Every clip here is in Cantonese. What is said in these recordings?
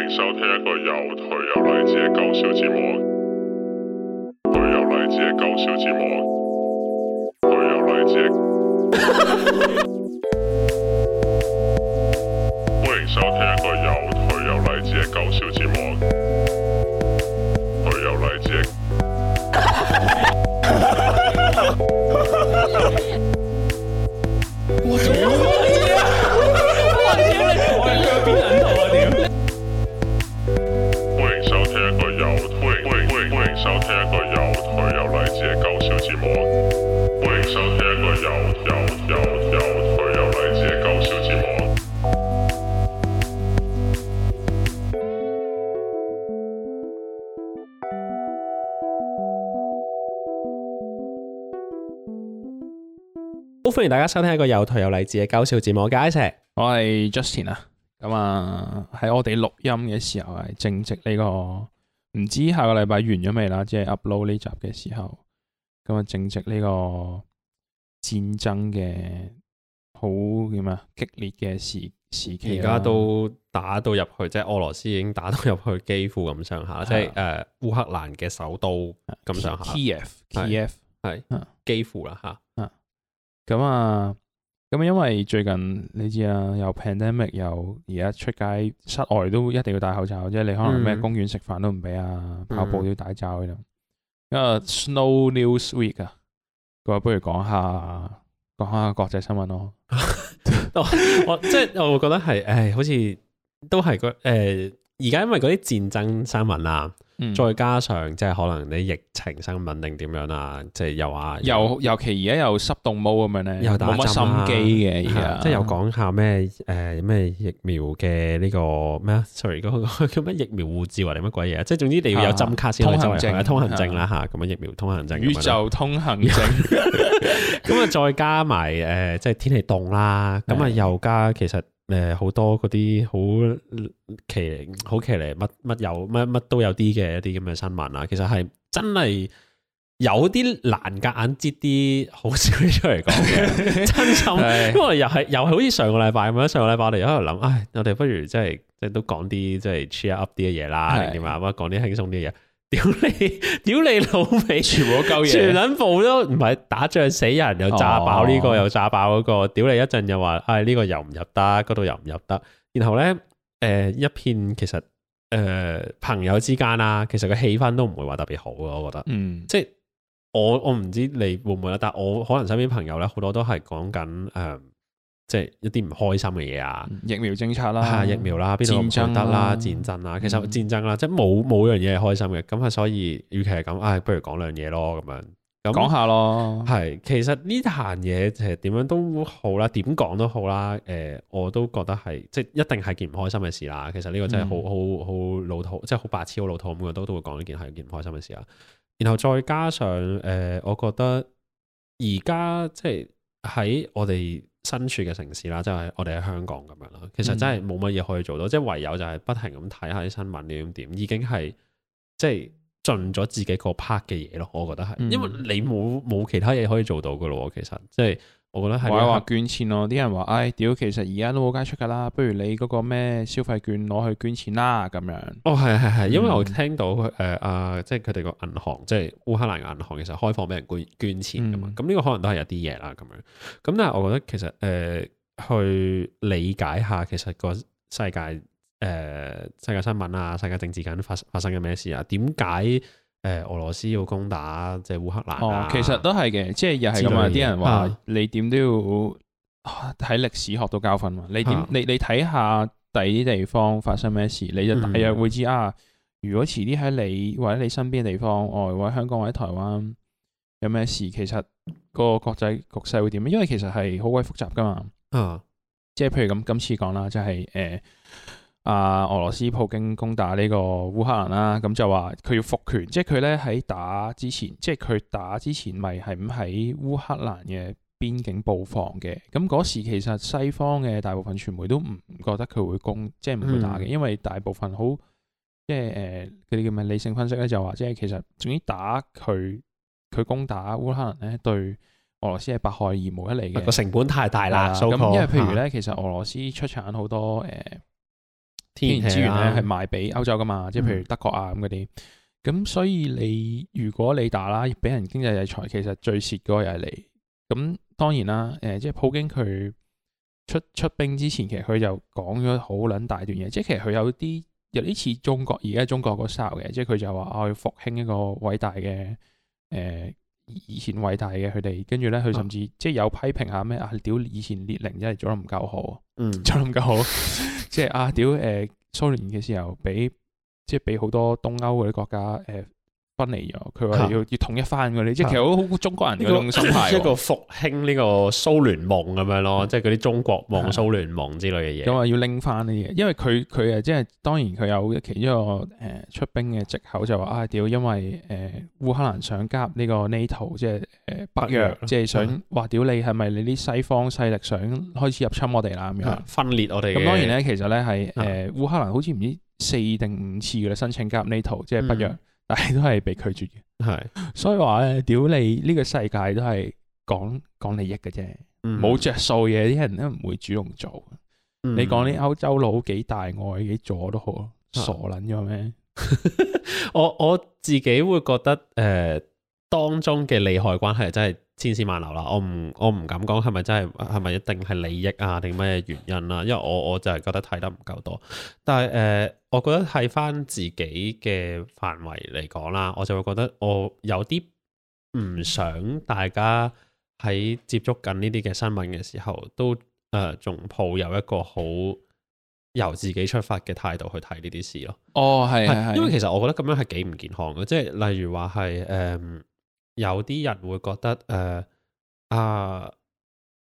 歡迎收聽一個又頹又勵志嘅搞笑節嘅搞笑節目。 歡迎大家收聽一個有台有勵志嘅搞笑節目，我一石，我係 Justin 啊。咁啊，喺我哋錄音嘅時候係正值呢、這個唔知下個禮拜完咗未啦？即係 upload 呢集嘅時候，咁啊正值呢個戰爭嘅好叫咩激烈嘅時時期，啊，而家都打到入去，即係俄羅斯已經打到入去基輔，咁上下，啊，即係誒烏克蘭嘅首都咁上下。T.F.T.F. 係基輔啦吓。啊咁啊，咁啊、嗯，嗯嗯、因為最近你知啊，又 pandemic，又而家出街室外都一定要戴口罩，即係你可能咩公園食飯都唔俾啊，跑步都要戴罩嘅。咁啊，Snow News Week 啊，咁啊，不如講下講下國際新聞咯。 我即係、就是、我會覺得係，誒、哎，好似都係嗰誒，而、呃、家因為嗰啲戰爭新聞啊。再加上即係可能你疫情新聞定點樣啊，即係又話又尤其而家又濕凍毛咁樣咧，冇乜心機嘅，即係又講下咩誒咩疫苗嘅呢個咩啊？sorry，嗰個叫咩疫苗護照定乜鬼嘢啊？即係總之你要有針卡先可以走嚟，通行證啦，通行證啦吓，咁樣疫苗通行證宇宙通行證。咁啊，再加埋誒，即係天氣凍啦，咁啊又加其實。誒，好、呃、多嗰啲好奇、好奇咧，乜乜有乜乜都有啲嘅一啲咁嘅新聞啊，其實係真係有啲難夾眼接啲好少嘢出嚟講嘅， 真心。 對 因為我又係又係好似上個禮拜咁樣，上個禮拜我哋喺度諗，唉，我哋不如即係即係都講啲即係 cheer up 啲嘅嘢啦，對 點啊，乜講啲輕鬆啲嘅嘢。屌你！屌你老味，全部都溝嘢， 全撚部都唔係打仗死人，又炸爆呢、這個，oh. 又炸爆嗰、那個，屌你！一陣又話，哎呢、這個又唔入得，嗰度又唔入得，然後咧，誒、呃、一片其實誒、呃、朋友之間啊，其實個氣氛都唔會話特別好啊，我覺得，嗯、mm.，即係我我唔知你會唔會啦，但我可能身邊朋友咧，好多都係講緊誒。呃即係一啲唔開心嘅嘢啊，疫苗政策啦、啊，疫苗啦，邊度得啦，戰爭啊，爭其實戰爭啦，嗯、即係冇冇樣嘢係開心嘅，咁啊，所以與其係咁，啊、哎，不如講兩嘢咯，咁樣，講下咯，係，其實呢壇嘢其實點樣都好啦，點講都好啦，誒、呃，我都覺得係，即係一定係件唔開心嘅事啦。其實呢個真係好好好老土，即係好白痴，好老土咁樣都都會講一件係件唔開心嘅事啊。然後再加上誒、呃，我覺得而家即係喺我哋身處嘅城市啦，即係我哋喺香港咁樣啦，其實真係冇乜嘢可以做到，即係、嗯、唯有就係不停咁睇下啲新聞點點，已經係即係盡咗自己個 part 嘅嘢咯。我覺得係，嗯、因為你冇冇其他嘢可以做到嘅咯，其實即係。即係我覺得、這個，唔係話捐錢咯、啊，啲人話，唉，屌，其實而家都冇街出噶啦，不如你嗰個咩消費券攞去捐錢啦，咁樣。哦，係係係，因為我聽到誒阿、呃呃、即係佢哋個銀行，即係烏克蘭嘅銀行，其實開放俾人捐捐錢咁嘛，咁呢、嗯、個可能都係有啲嘢啦，咁樣。咁但係我覺得其實誒、呃、去理解下，其實個世界誒、呃、世界新聞啊，世界政治緊發發生緊咩事啊，點解？呃、俄羅斯要攻打即係烏克蘭、啊哦。其實都係嘅，即係又係咁啊！啲人話你點都要喺歷史學到教訓嘛？你點、啊、你你睇下第啲地方發生咩事，你就大約會知、嗯、啊。如果遲啲喺你或者你身邊嘅地方，外、呃、或者香港或者台灣有咩事，其實個國際局勢會點？因為其實係好鬼複雜㗎嘛。啊，即係譬如咁今次講啦，就係、是、誒。呃啊！俄羅斯普京攻打呢個烏克蘭啦、啊，咁就話佢要復權，即係佢咧喺打之前，即係佢打之前咪係唔喺烏克蘭嘅邊境佈防嘅。咁嗰時其實西方嘅大部分傳媒都唔覺得佢會攻，即係唔會打嘅，嗯、因為大部分好即係誒嗰啲叫咩理性分析咧，就話即係其實總之打佢，佢攻打烏克蘭咧，對俄羅斯係百害而無一利嘅，個成本太大啦。對 So call. 因為譬如咧，其實俄羅斯出產好多誒。呃天然資源咧係賣俾歐洲噶嘛，即係譬如德國啊咁嗰啲，咁、嗯、所以你如果你打啦，俾人經濟制裁，其實最蝕嗰個又係你。咁當然啦，誒、呃，即係普京佢出出兵之前，其實佢就講咗好撚大段嘢，即係其實佢有啲有啲似中國而家中國嗰哨嘅，即係佢就話我、啊、要復興一個偉大嘅誒。呃以前偉大嘅佢哋，跟住咧佢甚至即係有批評下咩，啊屌以前列寧真係做得唔夠好，嗯，做得唔夠好， 即係啊屌誒蘇聯嘅時候俾即係俾好多東歐嗰啲國家誒。呃分離咗，佢話要要統一翻嗰啲，即係其實好中國人嗰種心態，一個復興呢個蘇聯夢咁樣咯，即係嗰啲中國夢、蘇聯夢之類嘅嘢。咁啊，要拎翻啲嘢，因為佢佢啊，即係當然佢有其中一個誒出兵嘅借口，就話啊，屌，因為誒烏克蘭想加入呢個 NATO，即係誒北約，即係想話屌你係咪你啲西方勢力想開始入侵我哋啦咁樣分裂我哋。咁當然咧，其實咧係誒烏克蘭好似唔知四定五次嘅申請加入 NATO，即係北約。但係都係被拒絕嘅，係是，所以話咧，屌你呢個世界都係講講利益嘅啫，冇着數嘢，啲人都唔會主動做。嗯、你講啲歐洲佬幾大愛幾咗都好，傻撚咗咩？啊、 我我自己會覺得，誒、呃。當中嘅利害關係真係千絲萬縷啦，我唔我唔敢講係咪真係係咪一定係利益啊，定咩原因啦、啊？因為我我就係覺得睇得唔夠多，但係誒、呃，我覺得喺返自己嘅範圍嚟講啦，我就會覺得我有啲唔想大家喺接觸緊呢啲嘅新聞嘅時候，都誒仲、呃、抱有一個好由自己出發嘅態度去睇呢啲事咯。哦，係係，因為其實我覺得咁樣係幾唔健康嘅，即係例如話係誒。呃有啲人會覺得誒、呃、啊，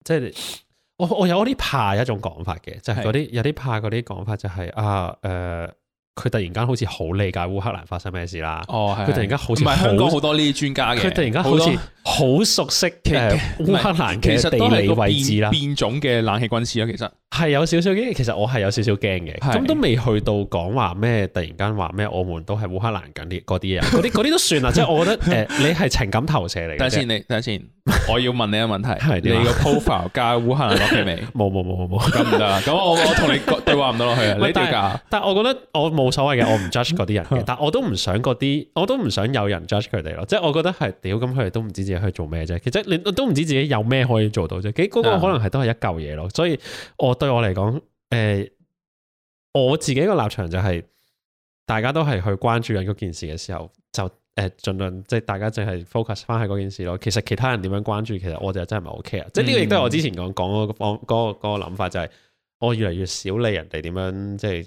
即係我我有啲怕一種講法嘅，就係嗰啲有啲怕嗰啲講法就係、是、啊誒。呃佢突然間好似好理解烏克蘭發生咩事啦。哦，係。佢突然間好似，唔係香港好多呢啲專家嘅。佢突然間好似好熟悉嘅烏克蘭嘅地理位置啦。變，變種嘅冷氣軍師啊，其實係有少少驚。其實我係有少少驚嘅。咁的都未去到講話咩？突然間話咩？我們都係烏克蘭緊啲嗰啲嘢，嗰啲啲都算啦。即係 我覺得誒、呃，你係情感投射嚟嘅。等下先，你等下先。 我要問你一個問題，你個 profile 加烏克蘭落去未？冇冇冇冇冇，咁唔得啦。咁我我同你對話唔到落去啊。你對㗎。 但係是，但係，我覺得我冇所謂嘅，我唔 judge 嗰啲人嘅， 但係我都唔想嗰啲，我都唔想有人 judge 佢哋咯。即係 我覺得係，屌，咁佢哋都唔知自己去做咩啫。其實你都唔知自己有咩可以做到啫。幾嗰個可能係都係一嚿嘢咯。所以我對，我嚟講，誒、就是呃，我自己個立場就係、是，大家都係去關注緊嗰件事嘅時候就。誒，盡量即係大家淨係 focus 翻喺嗰件事咯。其實其他人點樣關注，其實我就真係唔係 ok。啊、嗯。即係呢個亦都係我之前講講嗰個方、嗰個、嗰個諗法，就係我越嚟越少理人哋點樣即係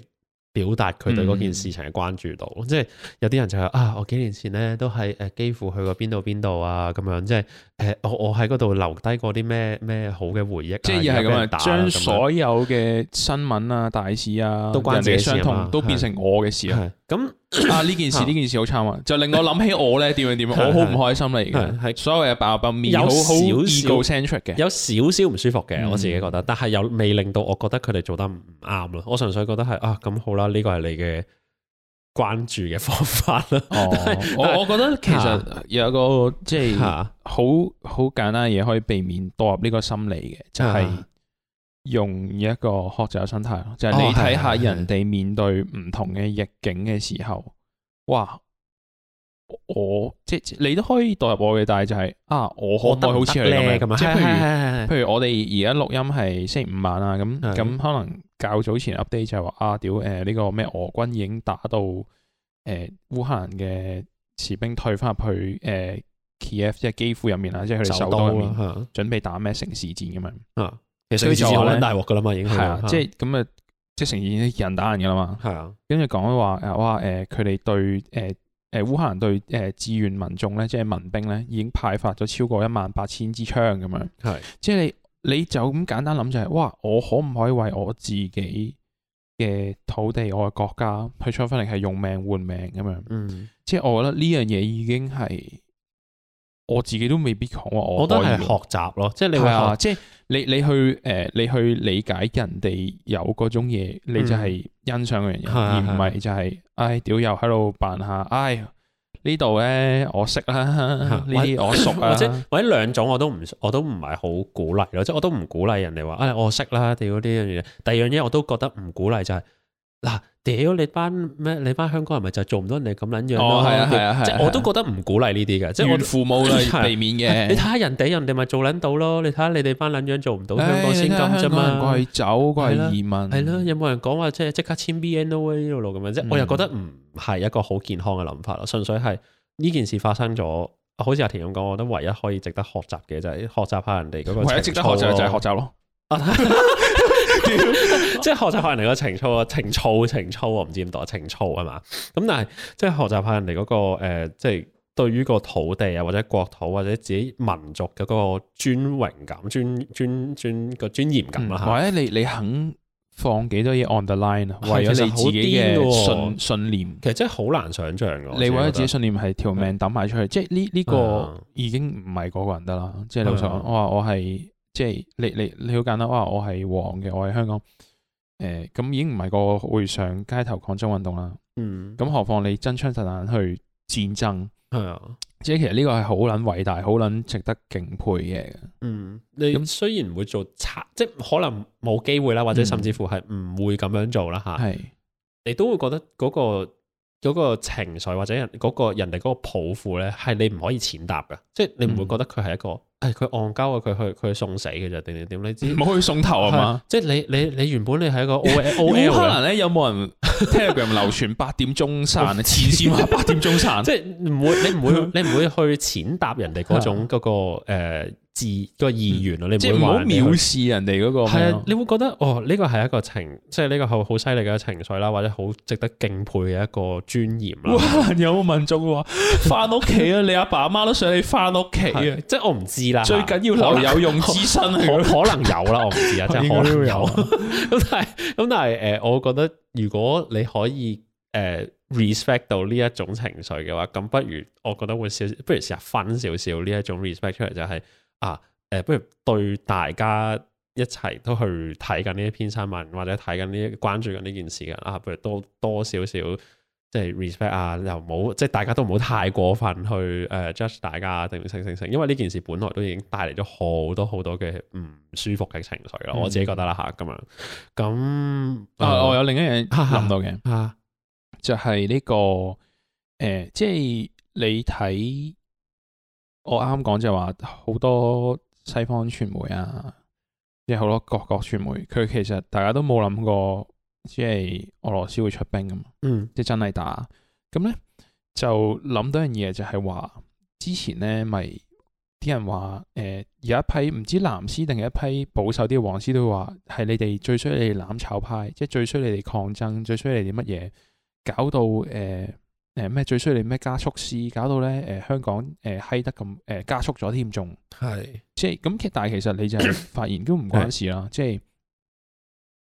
表達佢對嗰件事情嘅關注度。嗯、即係有啲人就係、是、啊，我幾年前咧都係誒，幾乎去過邊度邊度啊，咁樣即係誒、呃，我我喺嗰度留低過啲咩咩好嘅回憶。即係係咁啊，將、啊、所有嘅新聞啊、大事啊、都人哋嘅事人家人家都變成我嘅事啊。咁啊！呢件事呢件事好慘啊，就令我諗起我咧點樣點樣，我好唔開心啦，而家係所謂嘅爆爆面，有少少意固 c e 嘅，有少少唔舒服嘅，我自己覺得，但係又未令到我覺得佢哋做得唔啱咯。我純粹覺得係啊，咁好啦，呢個係你嘅關注嘅方法啦。我我覺得其實有個即係好好簡單嘅嘢可以避免墮入呢個心理嘅，就係。用一個學習嘅心態就係、是、你睇下人哋面對唔同嘅逆境嘅時候，哦、哇！我即係你都可以代入我嘅，但係就係、是、啊，我可代好似你咁樣。得得即係是 譬如譬如我哋而家錄音係星期五晚啦，咁咁的可能較早前 update 就係話啊，屌誒呢、呃這個咩俄軍已經打到誒、呃、烏克蘭嘅士兵退翻入去誒 Kf 即係基輔入面啦，即係佢哋首都入面準備打咩城市戰咁樣。 其實已經可能大鑊噶啦嘛，已經係啊，即係咁啊，即係呈現人打人噶啦嘛。係啊的，跟住講話誒，哇誒的，佢哋、呃呃呃、對誒誒烏克蘭對誒志願民眾咧，即、就、係、是、民兵咧，已經派發咗超過一萬八千支槍咁樣。係的，即係你你就咁簡單諗就係，哇！我可唔可以為我自己嘅土地，我嘅國家去出分力，係用命換命咁樣？嗯，即係我覺得呢樣嘢已經係我自己都未必講話。我我覺得係學習咯，即、就、係、是、你話即係。你你去誒、呃，你去理解人哋有嗰種嘢，嗯、你就係欣賞嗰樣嘢，嗯、而唔係就係、是，唉屌又喺度扮下，唉呢度咧我識啦，呢啲、嗯、我熟啊。或者或者兩種我都唔我都唔係好鼓勵咯，即係我都唔鼓勵人哋話啊我識啦，屌呢樣嘢。第二樣嘢我都覺得唔鼓勵就係、是、嗱。屌你班咩？你班香港人咪就做唔到人哋咁捻樣咯？係、哦、啊係啊係！啊啊啊我都覺得唔鼓勵呢啲嘅，即係我父母避免嘅。 你睇下人哋人哋咪做撚到咯，你睇下你哋班捻樣做唔到，香港先咁啫嘛。香港係走，係移民。係咯、啊，啊、有冇人講話即係即刻簽 BNO 呢、啊、條路咁樣即我又覺得唔係一個好健康嘅諗法咯。純粹係呢件事發生咗，好似阿田咁講，我覺得唯一可以值得學習嘅就係學習下人哋嗰個。唯一值得學習就就係學習咯。 即係學習學人哋個情操，啊，情操情操，唔知點講，情操係嘛？咁但係即係學習下人哋嗰個誒，即係對於個土地啊，或者國土或者自己民族嗰個尊榮感、尊尊尊個尊嚴感啊。或者你你肯放幾多嘢 on the line，為咗你自己嘅信信念？其實真係好難想象噶。你為咗自己信念係條命抌埋出去，即係呢呢個已經唔係嗰個人得啦。即係你想，我話我係。即係你你你好簡單哇！我係黃嘅，我喺香港，誒、呃、咁已經唔係個會上街頭抗爭運動啦。嗯，咁何況你真槍實彈去戰爭係啊！嗯、即係其實呢個係好捻偉大、好捻值得敬佩嘅。嗯，你咁雖然唔會做賊，那即係可能冇機會啦，或者甚至乎係唔會咁樣做啦吓。係、嗯、是你都會覺得嗰、那個、那個情緒或者嗰個人哋嗰、那個抱負咧，係你唔可以踐踏噶。即係你唔會覺得佢係一個。嗯係佢戇鳩啊！佢、哎、去佢送死嘅就定點點，你知唔好去送頭啊嘛？即係你你你原本你係一個 O L O L。可能咧有冇人 Telegram 流傳 八點鐘散？ 前線話八點鐘散， 即係唔會你唔會你唔會，會去踐踏人哋嗰種嗰、那個誒。 那個呃自個意願啊！嗯、你唔好藐視人哋嗰個，係啊！你會覺得哦，呢個係一個情，即係呢個好好犀利嘅情緒啦，或者好值得敬佩嘅一個尊嚴啦。有冇民眾話翻屋企啊？ 你阿爸阿媽都想你翻屋企啊！即係我唔知啦。最緊要留有用之身、那個，可可能有啦，我唔知啊，即係 應該 可能有。咁 但係咁但係誒、呃，我覺得如果你可以誒、呃、respect 到呢一種情緒嘅話，咁不如我覺得會少少，不如成日分少少呢一種 respect 出嚟就係、是。啊，誒、呃，不如對大家一齊都去睇緊呢一篇新聞，或者睇緊呢關注緊呢件事嘅啊，不如多多，多少少即係 respect 啊，又唔好，即係大家都唔好太過分去誒、呃、judge 大家定定性性，因為呢件事本來都已經帶嚟咗好多好多嘅唔舒服嘅情緒咯，嗯、我自己覺得啦嚇咁樣。咁啊、嗯、啊，我有另一樣諗到嘅嚇，啊啊、就係呢、呢個誒、呃，即係你睇。我啱啱講就係話好多西方傳媒啊，即係好多各國傳媒，佢其實大家都冇諗過，即係俄羅斯會出兵㗎嘛，嗯、即係真係打，咁咧就諗到一樣嘢，就係話，之前咧咪啲人話，誒、呃、有一批唔知藍絲定係一批保守啲嘅黃絲都會話，係你哋最衰，你哋攬炒派，即係最衰你哋抗爭，最衰你哋乜嘢，搞到誒、呃誒咩最衰你咩加速師搞到咧？誒、呃、香港誒嗨、呃、得咁誒、呃、加速咗添，仲係是即係咁。但係其實你就發現都唔 關事啦，即係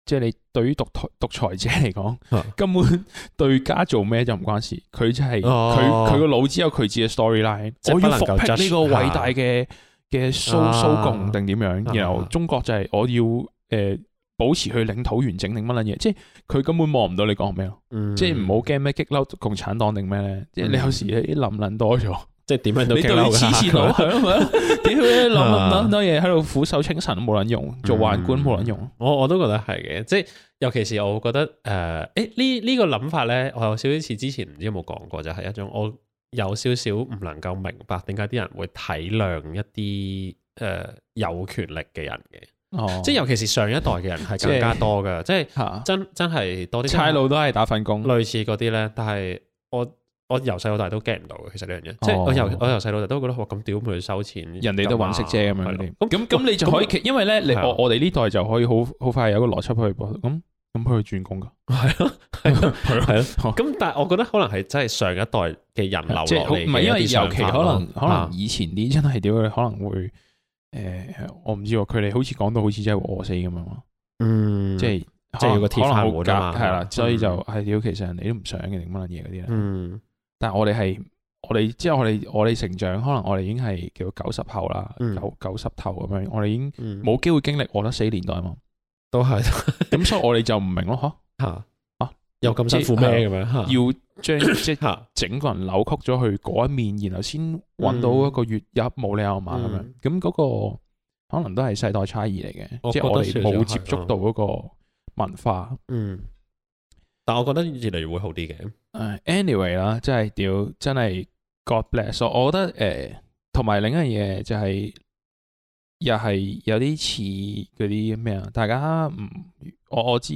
即係你對於獨獨裁者嚟講，啊、根本對家做咩就唔關事。佢就係佢佢個腦只有佢自己嘅 storyline。我要復辟呢個偉大嘅嘅蘇蘇共定點樣？啊、然後中國就係我要誒。呃啊啊保持佢領土完整定乜捻嘢，即係佢根本望唔到你講咩咯，嗯、即係唔好驚咩激嬲共產黨定咩咧，嗯、即係你有時啲諗捻多咗，即係點樣都激嬲。黐線老向，屌你諗咁多嘢喺度俯首稱臣冇撚用，做宦官冇撚用。嗯、我我都覺得係嘅，即係尤其是我覺得誒，誒、呃欸這個這個，呢呢個諗法咧，我有少少似之前唔知有冇講過，就係、是、一種我有少少唔能夠明白，點解啲人會體諒一啲誒、呃、有權力嘅人嘅。即係尤其是上一代嘅人係更加多噶即係真真係多啲。差佬都係打份工，類似嗰啲咧。但係我我由細到大都驚唔到嘅，其實呢樣嘢。即係我由我由細到大都覺得哇咁屌佢收錢，人哋都揾食啫咁樣啲。咁咁你就可以，因為咧，我我哋呢代就可以好好快有個邏輯去噃。咁咁佢去轉工噶係咯係咯。咁但係我覺得可能係真係上一代嘅人流落嚟，唔係因為尤其可能可能以前啲真係屌，可能會。誒，我唔知喎，佢哋好似講到好似真係餓死咁啊嘛，嗯，即係即係個鐵飯碗係啦，所以就係點其實人哋都唔想嘅，定乜嘢嗰啲咧，嗯，但係我哋係我哋即係我哋我哋成長，可能我哋已經係叫做九十後啦，九九十頭咁樣，我哋已經冇機會經歷餓得死年代啊嘛，都係，咁所以我哋就唔明咯，吓，啊，又咁辛苦咩咁樣，要。將即刻整個人扭曲咗去嗰一面，然後先揾到一個月入冇、嗯、理由嘛咁樣。咁嗰、嗯、個可能都係世代差異嚟嘅，覺即係我哋冇接觸到嗰個文化。嗯，但係我覺得越嚟越會好啲嘅。誒，anyway 啦，真係屌，真係 God bless！我我覺得誒，同、呃、埋另一樣嘢就係、是，又係有啲似嗰啲咩啊？大家唔，我我知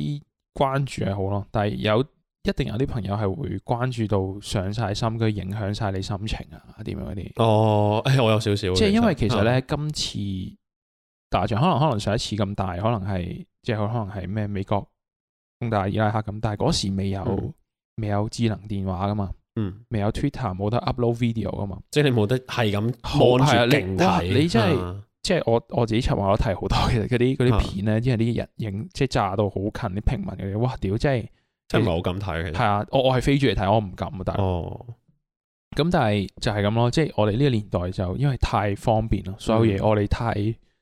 關注係好咯，但係有。一定有啲朋友係會關注到上晒心，佢影響晒你心情啊？點樣嗰啲？哦，誒、哎，我有少少，即係因為其實咧，嗯、今次打仗可能可能上一次咁大，可能係即係可能係咩美國攻打伊拉克咁，但係嗰時未有未、嗯、有智能電話噶嘛，嗯，未有 Twitter，冇得 upload video 噶嘛，即係你冇得係咁看住勁睇。你，你真係、嗯、即係我我自己尋日我睇好多其實嗰啲啲片咧、嗯，即係啲人影即係炸到好近啲平民嗰啲，哇屌真係！真係冇咁睇，係啊！我我係飛住嚟睇，我唔敢，但係咁，但係就係咁咯。即係我哋呢個年代就因為太方便啦，所有嘢，我哋太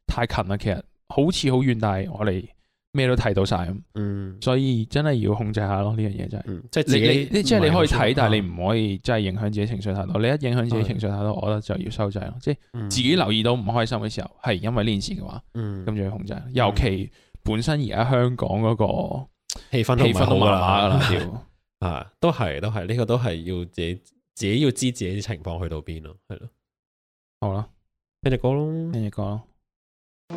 太近啦。其實好似好遠，但係我哋咩都睇到晒咁。嗯，所以真係要控制下咯。呢樣嘢真係，即係你你即係你可以睇，但係你唔可以真係影響自己情緒太多。你一影響自己情緒太多，我覺得就要收掣咯。即係自己留意到唔開心嘅時候，係因為呢件事嘅話，嗯，咁就要控制。尤其本身而家香港嗰個。氣氛都唔係好麻麻啊，都係都係呢個都係要自己自己，要知自己啲情況去到邊咯，係咯。好啦了，聽歌咯，聽歌咯。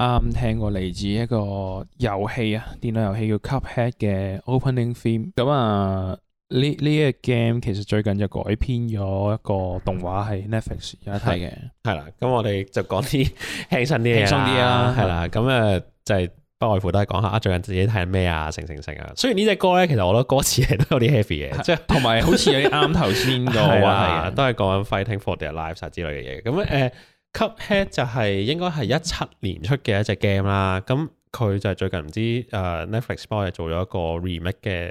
啱、嗯、聽過嚟自一個遊戲啊，電腦遊戲叫 head《Cuphead》嘅 Opening Theme。咁啊，呢呢一 game 其實最近就改編咗一個動畫，係 Netflix 有得睇嘅。係啦，咁我哋就講啲輕身啲嘅，輕鬆啲啊。係啦、啊，咁誒，就係、是、不外乎都係講下最近自己睇咩啊，成成成啊。雖然呢隻歌咧，其實我覺得歌詞係都有啲 heavy 嘅，即係同埋好似有啲啱頭先個啊，都係講緊 fighting for the lives 啊之類嘅嘢。咁誒。呃 Cuphead 就係應該係一七年出嘅一隻 game 啦，咁佢就係最近唔知誒、呃、Netflix 幫我哋做咗一個 remake 嘅，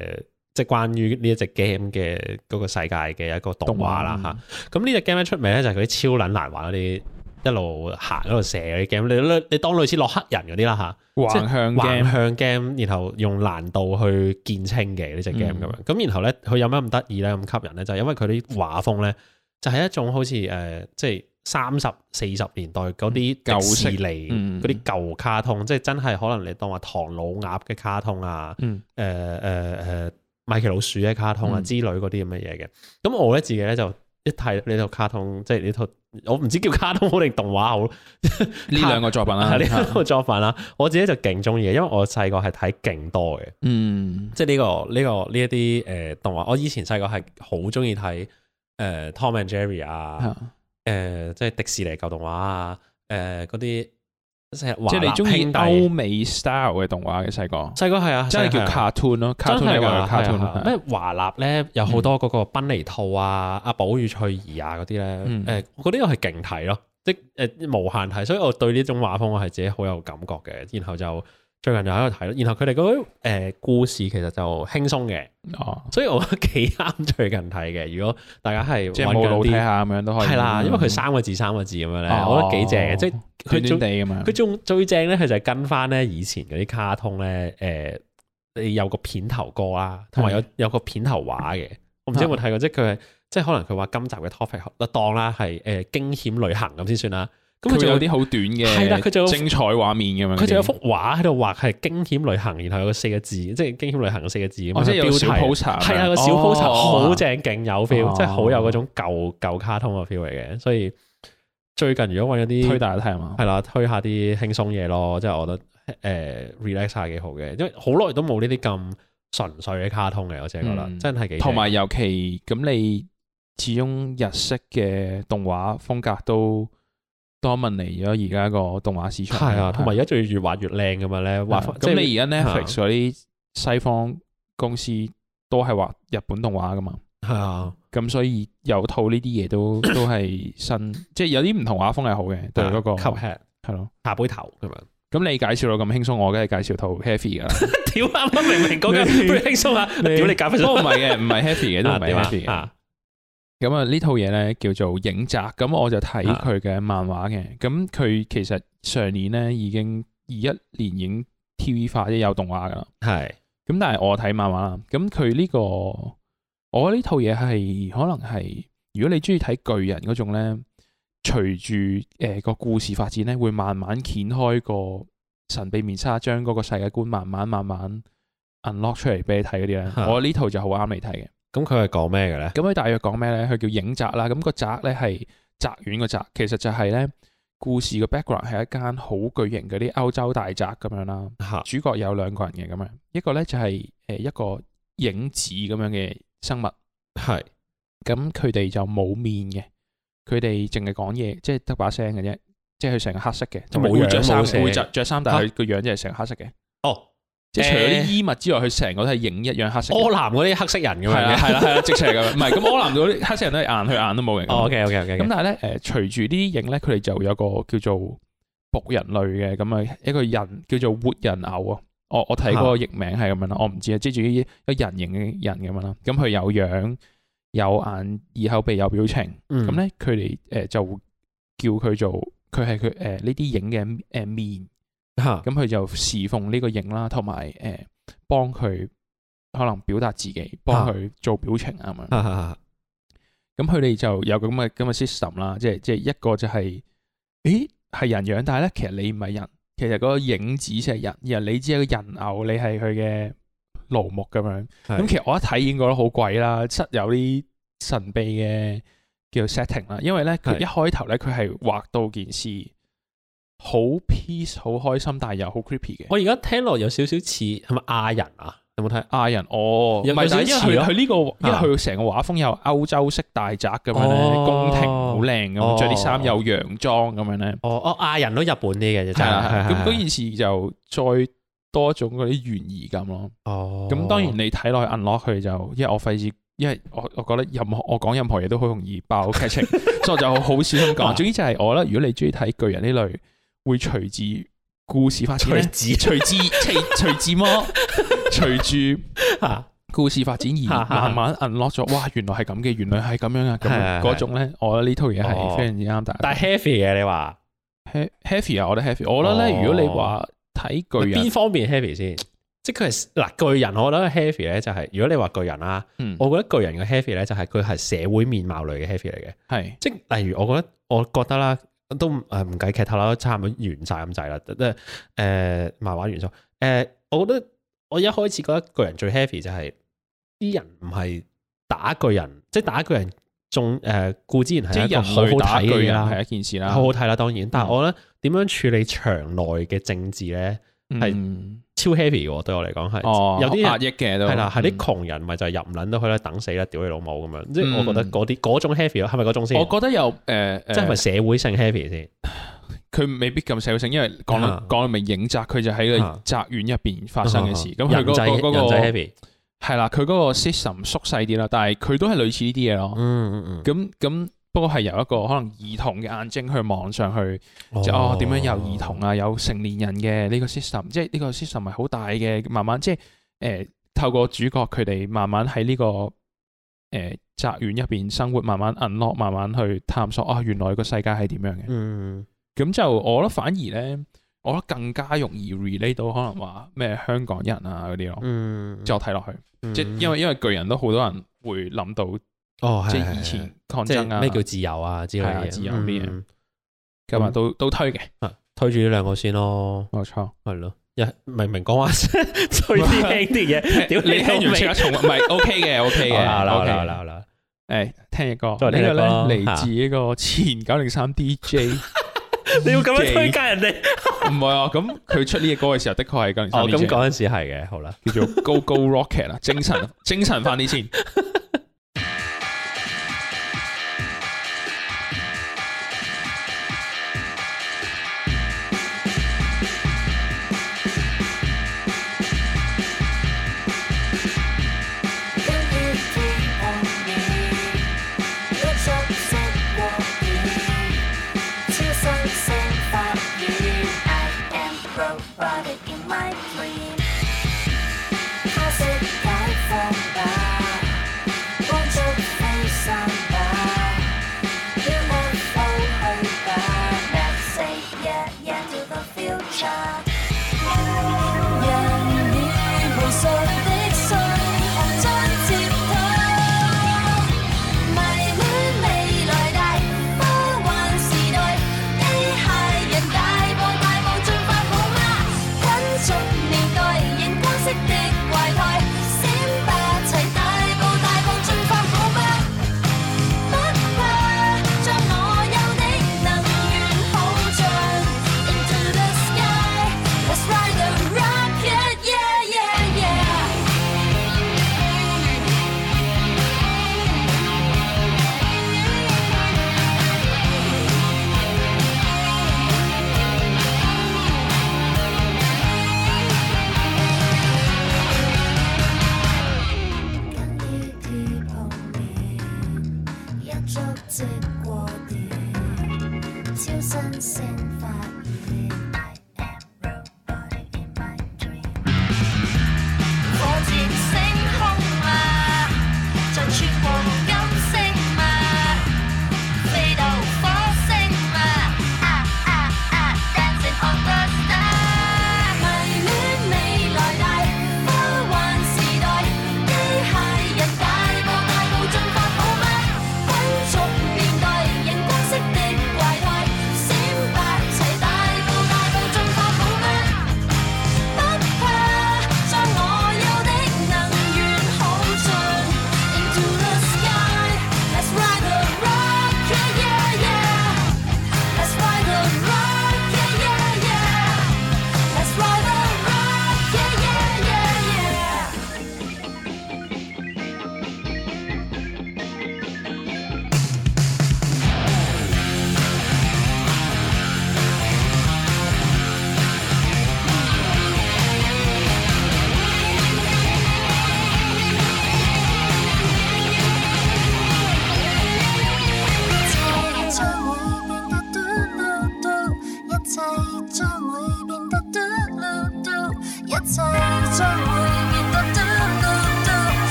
即、就、係、是、關於呢一隻 game 嘅嗰個世界嘅一個動畫啦吓。咁呢隻 game 咧出名咧就係佢啲超撚難玩嗰啲，一路行一路射嗰啲 game。你你你當類似洛克人嗰啲啦吓，橫、啊、向 game，然後用難度去見稱嘅呢隻 game 咁樣。咁、嗯啊、然後咧佢有咩咁得意咧咁吸引咧，就係、是、因為佢啲畫風咧就係、是、一種好似誒、呃、即係。三十四十年代嗰啲舊時嚟，嗰啲舊卡通，即係真係可能你當話唐老鴨嘅卡通啊，誒誒誒，米奇老鼠嘅卡通啊之類嗰啲咁嘅嘢嘅。咁我咧自己咧就一睇呢套卡通，即係呢套我唔知叫卡通好定動畫好，呢兩個作品啦，呢兩個作品啦，我自己就勁中意嘅，因為我細個係睇勁多嘅。嗯，即係呢個呢個呢一啲誒動畫，我以前細個係好中意睇誒 Tom and Jerry 啊。誒、呃，即係迪士尼舊動畫啊！誒、呃，嗰啲即係你中意歐美 style 嘅動畫嘅細個，細個係啊，真係叫 cartoon 咯，cartoon 嚟嘅 cartoon。咩華納咧有好多嗰個賓尼兔啊、阿寶與翠兒啊嗰啲咧，誒、嗯，覺得呢個係勁睇咯，即係誒、呃、無限睇，所以我對呢種畫風我係自己好有感覺嘅，然後就。最近就喺度睇咯，然後佢哋嗰啲誒、故事其實就輕鬆嘅，哦、所以我覺得幾啱最近睇嘅。如果大家係即係冇老睇下咁樣都可以，係啦，哦哦嗯、因為佢三個字三個字咁樣咧，我覺得幾正嘅，即係佢仲咁樣。佢仲最正咧，佢就係跟翻咧以前嗰啲卡通咧，誒、呃，你有個片頭歌啦，同埋有有個片頭畫嘅。嗯、我唔知有冇睇過，嗯、即係佢，即係可能佢話今集嘅 topic，當啦係誒驚險旅行咁先算啦。咁佢仲有啲好短嘅，係啦，佢就精彩畫面咁樣。佢就有，有幅畫喺度畫係驚險旅行，然後有四個字，即係驚險旅行四個字咁樣、哦、標題。係啊、哦，即個小鋪茶好正，勁、哦、有 feel、哦、即係好有嗰種舊舊卡通嘅 feel 嚟嘅。所以最近如果揾一啲推大家睇下嘛，係啦，推一下啲輕鬆嘢咯，即係我覺得誒 relax、呃、下幾好嘅，因為好耐都冇呢啲咁純粹嘅卡通嘅，我先覺得、嗯、真係幾。同埋尤其咁你始終日式嘅動畫風格都。多問嚟咗而家個動畫市場係啊，同埋而家仲要越畫越靚咁樣咧，畫風。即係你而家 Netflix 嗰啲西方公司都係畫日本動畫噶嘛？係啊，咁所以有套呢啲嘢都都係新，即係有啲唔同畫風係好嘅，對，嗰個 Cuphead 係咯下杯頭咁啊。咁你介紹到咁輕鬆，我梗係介紹套 Happy 噶屌，啱啱明明講嘅，唔輕鬆啊！屌，你搞乜？都唔係嘅，唔係 Happy 嘅，都唔係 Happy 嘅。咁啊，呢套嘢咧，叫做影宅，咁我就睇佢嘅漫畫嘅。咁佢其實上年咧已經二一年影 TV 化，即係有動畫噶啦。係。是咁但係我睇漫畫，咁佢呢個我呢套嘢係可能係，如果你中意睇巨人嗰種咧，隨住誒個故事發展咧，會慢慢掀開個神秘面紗，將嗰個世界觀慢慢慢慢 unlock 出嚟俾你睇嗰啲咧。是我呢套就好啱你睇嘅。咁佢係講咩嘅咧？咁佢大約講咩咧？佢叫影宅啦。咁個宅咧係宅院個宅，其實就係咧故事嘅 background 係一間好巨型嗰啲歐洲大宅咁樣啦。吓主角有兩個人嘅咁樣，一個咧就係誒一個影子咁樣嘅生物。係，咁佢哋就冇面嘅，佢哋淨係講嘢，即係得把聲嘅啫，即係佢成個黑色嘅。冇着衫，影宅着衫，但係佢個樣就係成黑色嘅。哦。即係除咗衣物之外，佢成、呃、個都係影一樣黑色。柯南嗰啲黑色人咁樣，、啊、 樣，係啦係啦，直情係咁樣。唔係咁柯南嗰啲黑色人都係眼血眼都冇嘅、 哦。OK OK OK。咁但係咧，誒，隨住呢啲影咧，佢哋就有個叫做僕人類嘅，咁啊，一個人叫做活人偶啊。我我睇過個譯名係咁樣啦，我唔的知啊。即住至於一個人形嘅人咁樣啦，咁佢有樣有眼、耳、口、鼻、有表情。咁咧、嗯，佢哋誒就叫佢做，佢係佢誒呢啲影嘅誒面。呃嗯咁佢就侍奉呢個影啦，同埋誒幫佢可能表達自己，幫佢做表情啊咁樣。咁佢哋就有咁嘅咁嘅 system 啦，即係即係一個就係、是，咦，係人樣，但係咧其實你唔係人，其實個影子即係人，而你只係個人偶，你係佢嘅奴僕咁樣。咁的其實我一睇已經覺得好鬼啦，即有啲神秘嘅叫 setting 啦，因為咧佢一開頭咧佢係畫到件事。好 peace，好開心，但係又好 creepy 嘅。我而家聽落有少少似係咪亞人啊？有冇睇亞人？哦，有少少似咯。因為佢呢個，因為佢成個畫風又歐洲式大宅咁樣咧，宮廷好靚咁，着啲衫又洋裝咁樣咧。哦哦，亞人都日本啲嘅就真係。咁嗰件事就再多一種嗰啲懸疑咁咯。哦。咁當然你睇落去按落去就，因為我費事，因為我我覺得任何我講任何嘢都好容易爆劇情，所以我就好少咁講。總之就係我覺得如果你中意睇巨人呢類。會隨住故事發展，隨隨隨隨隨住，隨住啊故事發展而慢慢 unlock 咗。哇，原來係咁嘅，原來係咁樣啊！咁嗰種咧，我覺得呢套嘢係非常之啱。但係 heavy 嘅你話 heavy 啊？我覺得 heavy，我覺得咧，如果你話睇巨人邊方面 heavy 先，即係佢係嗱巨人，我覺得 heavy 咧就係如果你話巨人啦，嗯，我覺得巨人嘅 heavy 咧就係佢係社會面貌類嘅 heavy 嚟嘅，係即係例如，我覺得我覺得啦。都誒唔計劇透啦，差唔多完晒咁滯啦，即係誒漫畫完咗，誒、呃，我覺得我一開始覺得巨人最 heavy 就係、是、啲人唔係打巨人，即係打巨人仲誒、呃、固之然係一個好好睇嘅啦，係一件事啦，好好睇啦，當然。但係我覺得點樣處理牆內嘅政治咧？係超 happy 嘅，對我嚟講係，有啲壓抑嘅都係啦，係啲窮人咪就係入唔捻到去咧，等死啦，屌你老母咁樣，即係我覺得嗰啲嗰種 happy 咯，係咪嗰種先？我覺得又，誒，即係咪社會性 happy 先？佢未必咁社會性，因為講講係咪影宅，佢就喺個宅院入邊發生嘅事，咁人仔嗰個 happy？係啦，佢嗰個 system 縮細啲啦，但係佢都係類似呢啲嘢咯，咁咁。不過係由一個可能兒童嘅眼睛去望上去，哦即哦，點樣有兒童啊，有成年人嘅呢個 system，即係呢個 system 係好大嘅，慢慢即係誒、呃、透過主角佢哋慢慢喺呢、這個誒、呃、宅院入邊生活，慢慢 unlock，慢慢去探索啊，原來個世界係點樣嘅。嗯，咁就我覺得反而咧，我覺得更加容易 relate 到可能話咩香港人啊嗰啲咯。嗯，就睇落去，嗯、即係因為因為巨人都好多人會諗到。哦，即係以前抗爭啊，咩叫自由啊之類嘅自由啲嘢，今日都都推嘅，推住呢兩個先咯，冇錯係咯，一明明講話推啲輕啲嘢。屌你聽完先啊，唔係 OK 嘅 OK 嘅，啦啦啦啦，誒，聽嘅歌，呢個咧嚟自呢個前九零三 DJ，你要咁樣推介人哋？唔係啊，咁佢出呢個歌嘅時候，的確係咁，咁嗰陣時係嘅，好啦，叫做 Go Go Rocket 啦，精神精神翻啲先。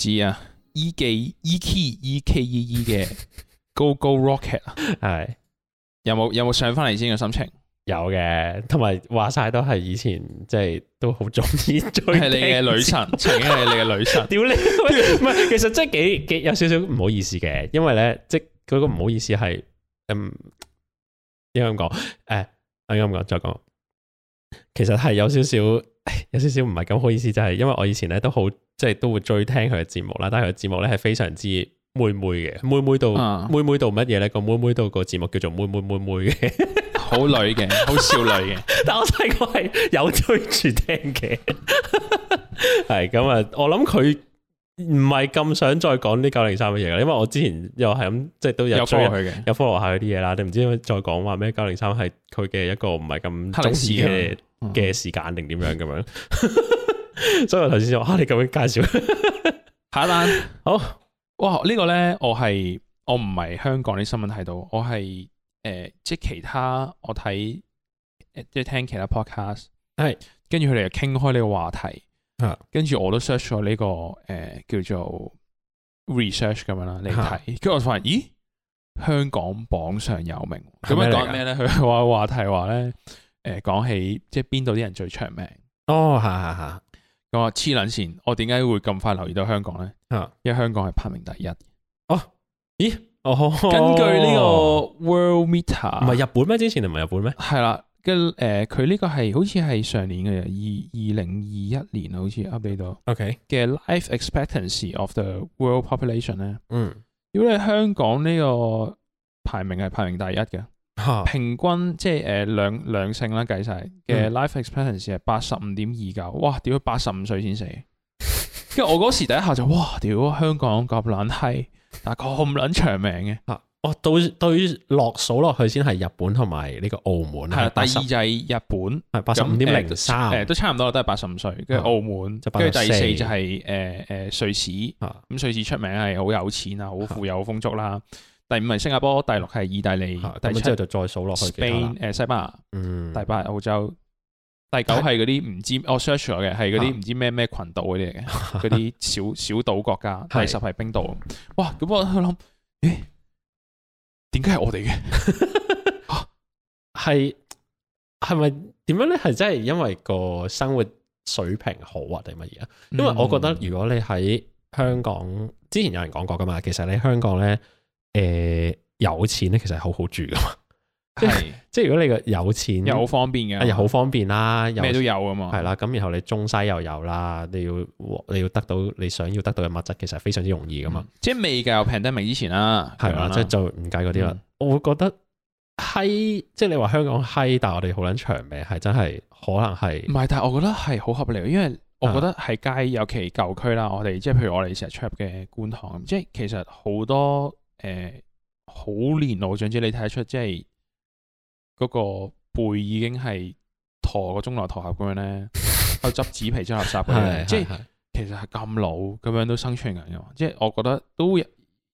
知啊！E 記 E K E K E E 嘅 Go Go Rocket 係 有冇有冇上翻嚟先嘅心情？有嘅，同埋話晒都係以前，即係都好中意追。係你嘅女神， 曾經係你嘅女神。屌你！唔係，其實即係幾幾有少少唔好意思嘅，因為咧，即係嗰個唔好意思係，嗯，應該咁講，誒、哎，應該咁講，再講，其實係有少少。有少少唔係咁好意思，就係、是、因為我以前咧都好即係都會追聽佢嘅節目啦，但係佢嘅節目咧係非常之妹妹嘅，妹妹到、嗯、妹妹到乜嘢咧？個妹妹到個節目叫做妹妹妹妹嘅， 好女嘅，好少女嘅。 但我細個係有追住聽嘅，係咁啊！我諗佢唔係咁想再講啲九零三嘅嘢，因為我之前又係咁即係都有追佢嘅，有，有 follow 下佢啲嘢啦。你唔知再講話咩九零三係佢嘅一個唔係咁中意嘅。嘅時間定點樣咁樣， 所以我頭先就啊，你咁樣介紹 下一單好哇？這個、呢個咧，我係我唔係香港啲新聞睇到，我係誒、呃、即係其他我睇即係聽其他 podcast 係是，跟住佢哋又傾開呢個話題，跟住是我都 search 咗呢個誒、呃、叫做 research 咁樣啦，你睇，跟住是我發現咦，香港榜上有名，咁樣講咩咧？佢話 話題話咧。誒講、呃、起即係邊度啲人最長命？哦，係係係，我黐捻線，我點解會咁快留意到香港咧？嗯，因為香港係排名第一。哈哈哦，咦？哦，根據呢個 World Meter，唔係、哦、日本咩？之前你唔係日本咩？係啦、啊，跟、呃、誒，佢呢個係好似係上年嘅二二零二一年好似 update 到 OK。嘅 Life expectancy of the world population 咧，嗯，嗯如果你香港呢個排名係排名第一嘅。平均即係誒兩兩性啦計晒嘅 life expectancy 係八十五點二九，哇屌八十五歲先死，跟住我嗰時第一下就哇屌香港咁撚閪，但係咁撚長命嘅，啊我對對落數落去先係日本同埋呢個澳門啦，第二就係日本，係八十五點零三，誒都、嗯呃、差唔多都係八十五歲，跟住、啊、澳門，跟住是第四就係誒誒瑞士，啊咁瑞士出名係好有錢有有啊，好富有豐足啦。第五係新加坡，第六係意大利，第七就再數落去西班牙，班牙嗯、第八係澳洲，第九係嗰啲唔知是我 search 咗嘅係嗰啲唔知咩咩群島嗰啲嚟嘅，嗰啲是小小島國家，是第十係冰島。哇！咁我諗，咦、欸，點解係我哋嘅？係係咪點樣咧？係真係因為個生活水平好啊定乜嘢啊？嗯、因為我覺得如果你喺香港，之前有人講過噶嘛，其實你喺香港咧。誒、呃，有錢咧，其實係好好住噶嘛，即係即係如果你個有錢又好方便嘅，又好、啊、方便啦，咩都有噶嘛，係啦，咁然後你中西又有啦，你要你要得到你想要得到嘅物質，其實係非常之容易噶嘛，即係未價又平得明之前啦，係啦，即係、啊、吧吧就唔介意嗰啲人，嗯、我會覺得嗨，即係你話香港嗨，但係我哋好捻長命，係真係可能係，唔係，但係我覺得係好合理，因為我覺得係街，尤其舊區啦，我哋即係譬如我哋成日出入嘅觀塘，即係其實好多。誒，好年老，總之你睇得出，即係嗰個背已經係駝個中落陀盒咁樣咧，去執紙皮、執垃圾，即係其實係咁老咁樣都生存緊嘅，即係我覺得都有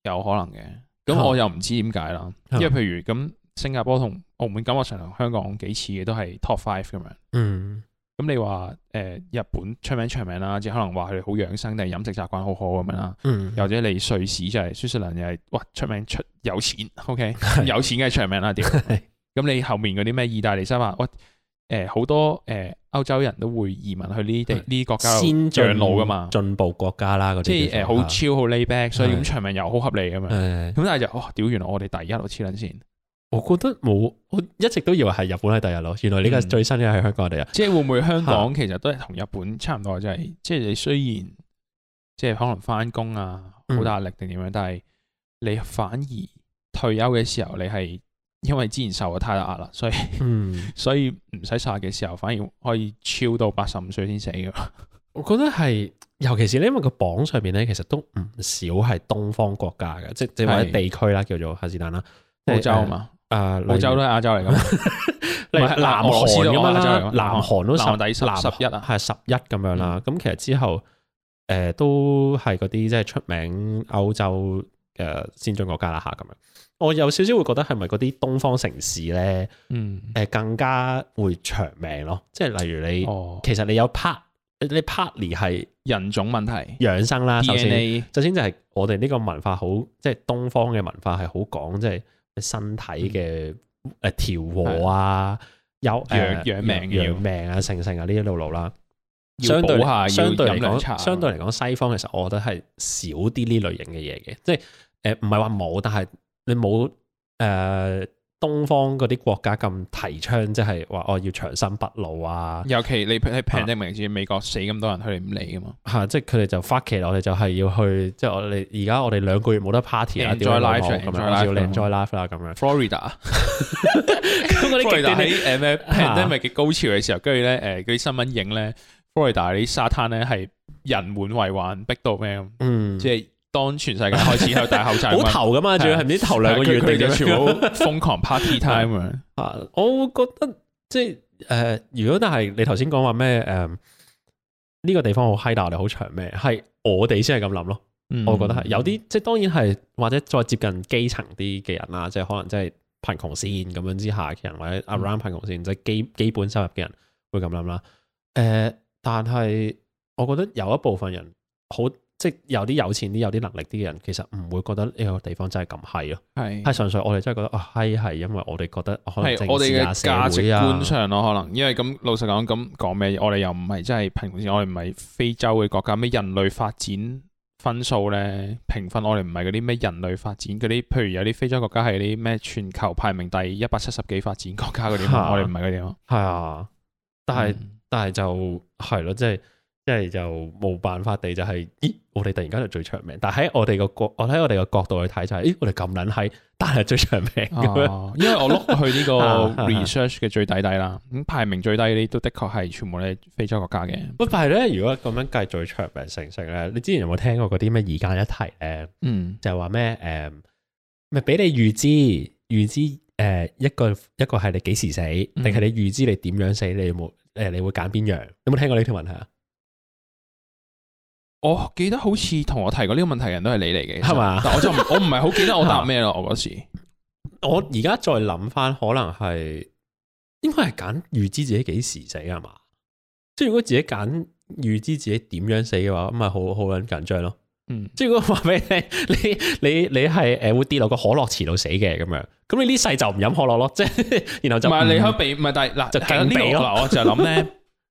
可能嘅。咁我又唔知點解啦， 因為譬如咁，新加坡同澳門感覺上同香港幾似嘅，都係 top five 咁樣。嗯。咁、嗯嗯、你話誒、呃、日本出名出名啦，即係可能話佢哋好養生定係飲食習慣好好咁樣啦。嗯，或者你瑞士就係蘇士蘭又係哇出名出有錢，OK， 有錢嘅出名啦。點？咁你後面嗰啲咩意大利西話，我誒好多誒歐、呃、洲人都會移民去呢啲呢個國家養老噶嘛，進步國家啦。即係誒好超好 layback，所以咁出名又好合理咁樣。咁但係就哦，屌原來我哋第一都黐撚線。我覺得冇，我一直都以為係日本係第一咯。原來呢個最新嘅係香港第一，嗯。即係會唔會香港其實都係同日本差唔多？即係即係你雖然即係可能翻工啊，好大壓力定點樣，嗯、但係你反而退休嘅時候你，你係因為之前受過太大壓啦，所以、嗯、所以唔使殺嘅時候，反而可以超到八十五歲先死嘅。我覺得係，尤其是呢，因為個榜上面咧，其實都唔少係東方國家嘅，即係即係或者地區啦，是叫做哈士丹啦，澳洲啊嘛。呃誒，歐、啊、洲都係亞洲嚟噶，例如 是南韓咁洲。南韓都係第十十一啊，係十一咁樣啦。咁其實之後誒、呃，都係嗰啲即係出名歐洲誒先進國家啦吓咁樣。我有少少會覺得係咪嗰啲東方城市咧，嗯，誒更加會長命咯。即係例如你，哦、其實你有 part，你 partly 係人種問題、養生啦。DNA 首先，首先就係我哋呢個文化好，即係東方嘅文化係好講，即係。身體嘅誒調和啊，養養命、養命啊，成性啊呢一路路啦，相對下相對嚟講，相對嚟講，西方其實我覺得係少啲呢類型嘅嘢嘅，即係誒唔係話冇，但係你冇誒。呃東方嗰啲國家咁提倡，即係話哦，要長生不老啊！尤其你喺 pandemic 時期，美國死咁多人，佢哋唔理㗎嘛。嚇、啊！即係佢哋就，發奇，我哋就係要去，即係我哋而家我哋兩個月冇得 party 啊，enjoy life 咁樣，叫 enjoy life 啦咁樣。Florida，嗰啲景點喺誒咩 pandemic 咪幾高潮嘅時候，跟住咧誒啲新聞影咧，Florida 啲沙灘咧係人滿為患，逼到咩嗯，即係。當全世界開始有大口罩，好 頭噶嘛？仲要係唔知頭兩個月，佢哋 全部瘋狂 party time 啊！ 我覺得即係誒、呃，如果但係你頭先講話咩誒？呢、呃呢個地方好 high 好長咩？係我哋先係咁諗咯。嗯、我覺得係有啲即係當然係，或者再接近基層啲嘅人啦，即係可能即係貧窮線咁樣之下嘅人，或者 around 貧窮線即係基基本收入嘅人會咁諗啦。誒、呃，但係我覺得有一部分人好。即係有啲有錢啲、有啲能力啲嘅人，其實唔會覺得呢個地方真係咁係咯。係係係純粹我哋真係覺得啊，係、哦、係因為我哋覺得可能政治啊、社會啊、係、啊、我哋嘅價值觀上咯、啊，啊、可能因為咁老實講咁講咩我哋又唔係真係平時，我哋唔係非洲嘅國家咩人類發展分數咧評分我，我哋唔係嗰啲咩人類發展嗰啲，譬如有啲非洲國家係啲咩全球排名第一百七十幾發展國家嗰啲，我哋唔係嗰啲咯。係啊，但係但係就係咯，即係。即係即係即係即係就冇辦法地就係、是，咦？我哋突然間就最長命，但喺我哋個角，我喺我哋個角度去睇就係、是，咦？我哋咁卵閪，但係最長命、哦、 因為我碌去呢個 research 嘅 最底底啦，咁排名最低呢啲都的確係全部咧非洲國家嘅。不過係咧，如果咁樣計最長命成成咧，你之前有冇聽過嗰啲咩二揀一題咧、嗯？嗯，就係話咩？誒，咪俾你預知預知？誒，一個一個係你幾時死，定係你預知你點樣死？你有冇誒？你會揀邊樣？有冇聽過呢條問題啊？我記得好似同我提過呢個問題嘅人都係你嚟嘅，係嘛吧？我就我唔係好記得我答咩咯， 是我嗰時。我而家再諗翻，可能係應該係揀預知自己幾時死係嘛？即係如果自己揀預知自己點樣死嘅話，咁咪好好捻緊張咯。嗯，即係如果話俾你，你你你係誒會跌落個可樂池度死嘅咁樣，咁你呢世就唔飲可樂咯。即 係然後就唔係你喺度避唔係？嗯、但係嗱，就勁避咯。我就諗咧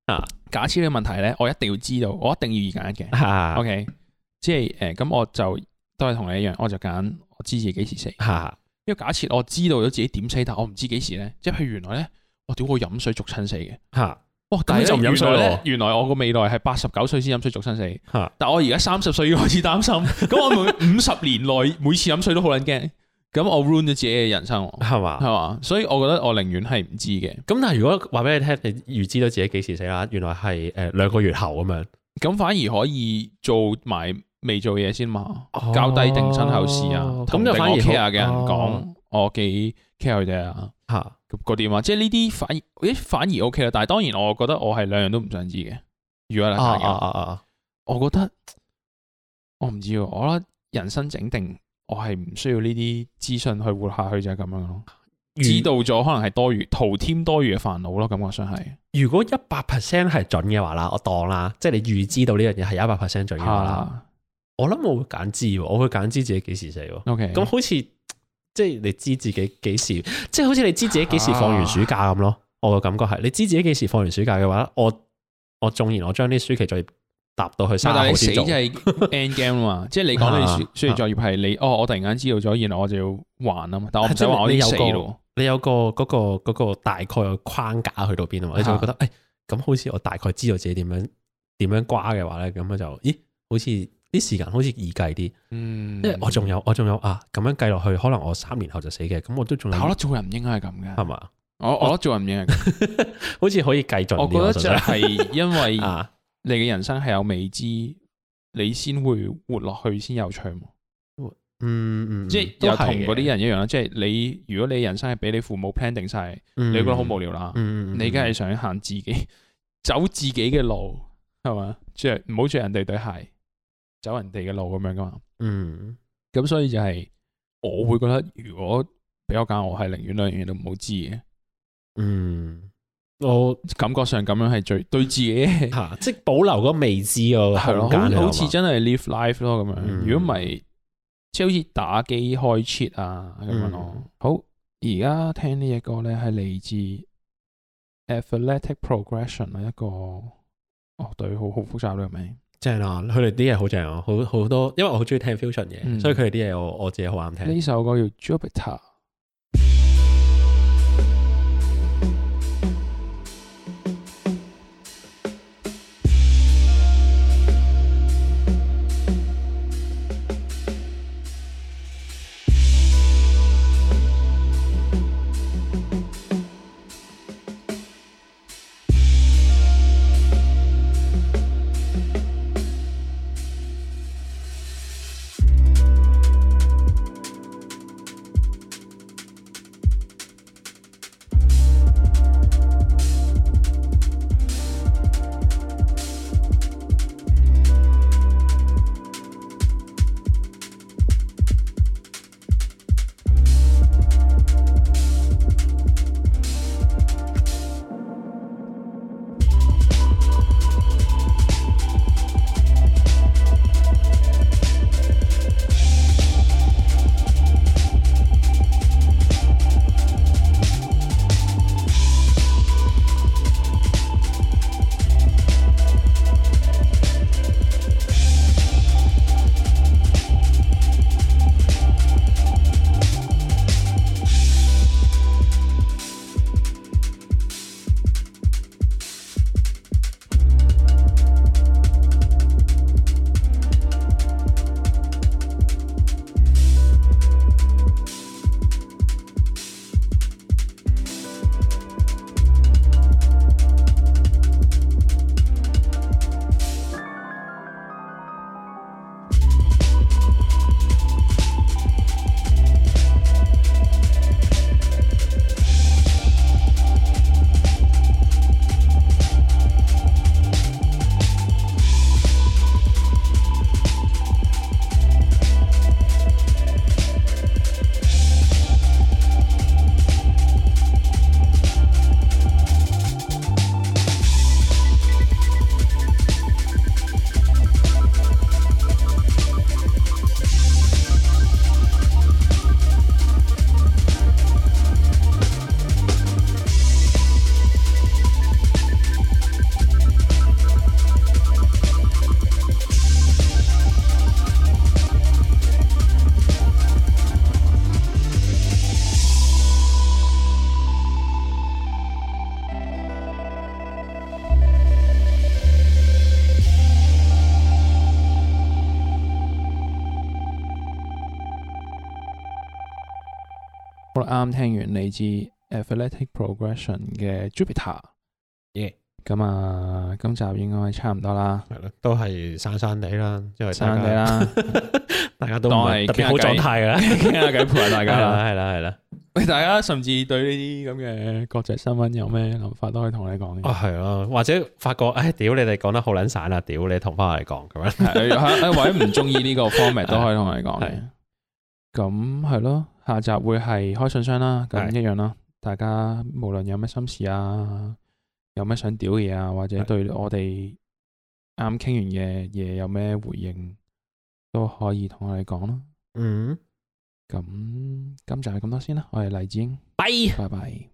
啊。 假設呢個問題咧，我一定要知道，我一定要二揀一嘅。哈 o、okay? K，即係誒，咁、呃、我就都係同你一樣，我就揀我知自己幾時死。哈哈因為假設我知道咗自己點死，但我唔知幾時咧。即係原來咧，我屌我飲水逐親死嘅。吓，哇！但係就唔飲水咧，原來我個未來係八十九歲先飲水逐親死。吓哈，但我而家三十歲要開始擔心。咁哈我每五十年內每次飲水都好撚驚。 咁我 ruin 咗自己嘅人生，係嘛吧，係嘛，所以我覺得我寧願係唔知嘅。咁但係如果話俾你聽，你預知道自己幾時死啦，原來係誒兩個月後咁樣，咁反而可以做埋未做嘢先嘛，較低定身後事啊。咁、哦、意就下反而、哦、care 嘅人講，我幾 care 啫啊，吓、啊，嗰啲嘛，即係呢啲反而，咦，反而 ok 啦。但係當然，我覺得我係兩樣都唔想知嘅。如果啊啊啊啊，我覺得我唔知，我覺得人生整定。我係唔需要呢啲資訊去活下去，就係咁樣咯，知道咗可能係多餘徒添多餘嘅煩惱咯，感覺上係。如果一百 percent 係準嘅話啦，我當啦，即係你預知到呢樣嘢係一百 percent 準嘅話啦，的我諗我會揀知，我會揀知自己幾時死。OK，咁好似即係你知自己幾時，即係好似你知自己幾時放完暑假咁咯。啊、我嘅感覺係，你知自己幾時放完暑假嘅話，我我縱然我將啲暑期作業，搭到去三毫但係，你死，即係 end game 啊嘛，即係你講完書，書完作業係你哦，我突然間知道咗，原來我就要還啊嘛。但我唔想話我要死咯，你有個嗰、那個、那個大概嘅框架去到邊啊嘛，你就會覺得誒，咁、啊哎、好似我大概知道自己點樣點樣瓜嘅話咧，咁就咦，好似啲時間好似易計啲，嗯，因為我仲有我仲有啊咁樣計落去，可能我三年後就死嘅，咁我都仲。有吧。我覺得做人唔應該係咁嘅。係嘛？我我覺得做人唔應該好似可以繼續。我覺得就係因為、 啊。你嘅人生係有未知，你先會活落去先有趣嘛？嗯嗯，嗯即係又同嗰啲人一樣啦。即係你，如果你人生係俾你父母 plan 定晒、嗯，你覺得好無聊啦。嗯嗯、你梗係想行自己走自己嘅路，係嘛？即係唔好着人哋對鞋走人哋嘅路咁樣噶嘛。嗯，咁所以就係我會覺得，如果俾我揀，我係寧願兩樣都唔好知嘅。嗯。我感覺上咁樣係最對自己吓、啊，即係保留個未知哦，係咯，好似真係 live life 咯咁樣。如果唔係，即係好似打機開 cheat 啊咁樣咯。好，而家聽呢隻歌咧係嚟自 Athletic Progression 啊一個哦對，好好複雜咯，係咪？正啊，佢哋啲嘢好正啊，好好多。因為我好中意聽 fusion 嘢，嗯、所以佢哋啲嘢我我自己好啱聽。呢、嗯、首歌叫 Jupiter。聽完嚟自 Athletic Progression 嘅 Jupiter，耶！咁啊，今集應該差唔多啦。係咯，都係散散地啦，因為散地啦，大家都當係特別好狀態啦，傾下偈陪下大家啦，係啦係啦。喂，大家甚至對呢啲咁嘅國際新聞有咩諗法都可以同你講嘅。哦，係咯，或者發覺誒，屌你哋講得好撚散啦，屌你同翻我哋講咁樣。係啊，或者唔中意呢個 format 都可以同我哋講嘅。咁係咯，下集會係開信箱啦，咁的一樣啦。大家無論有咩心事啊，有咩想屌嘢啊，或者對我哋啱傾完嘅嘢有咩回應，都可以同我哋講啦。嗯，咁今集係咁多先啦，我係勵志鷹，拜拜拜。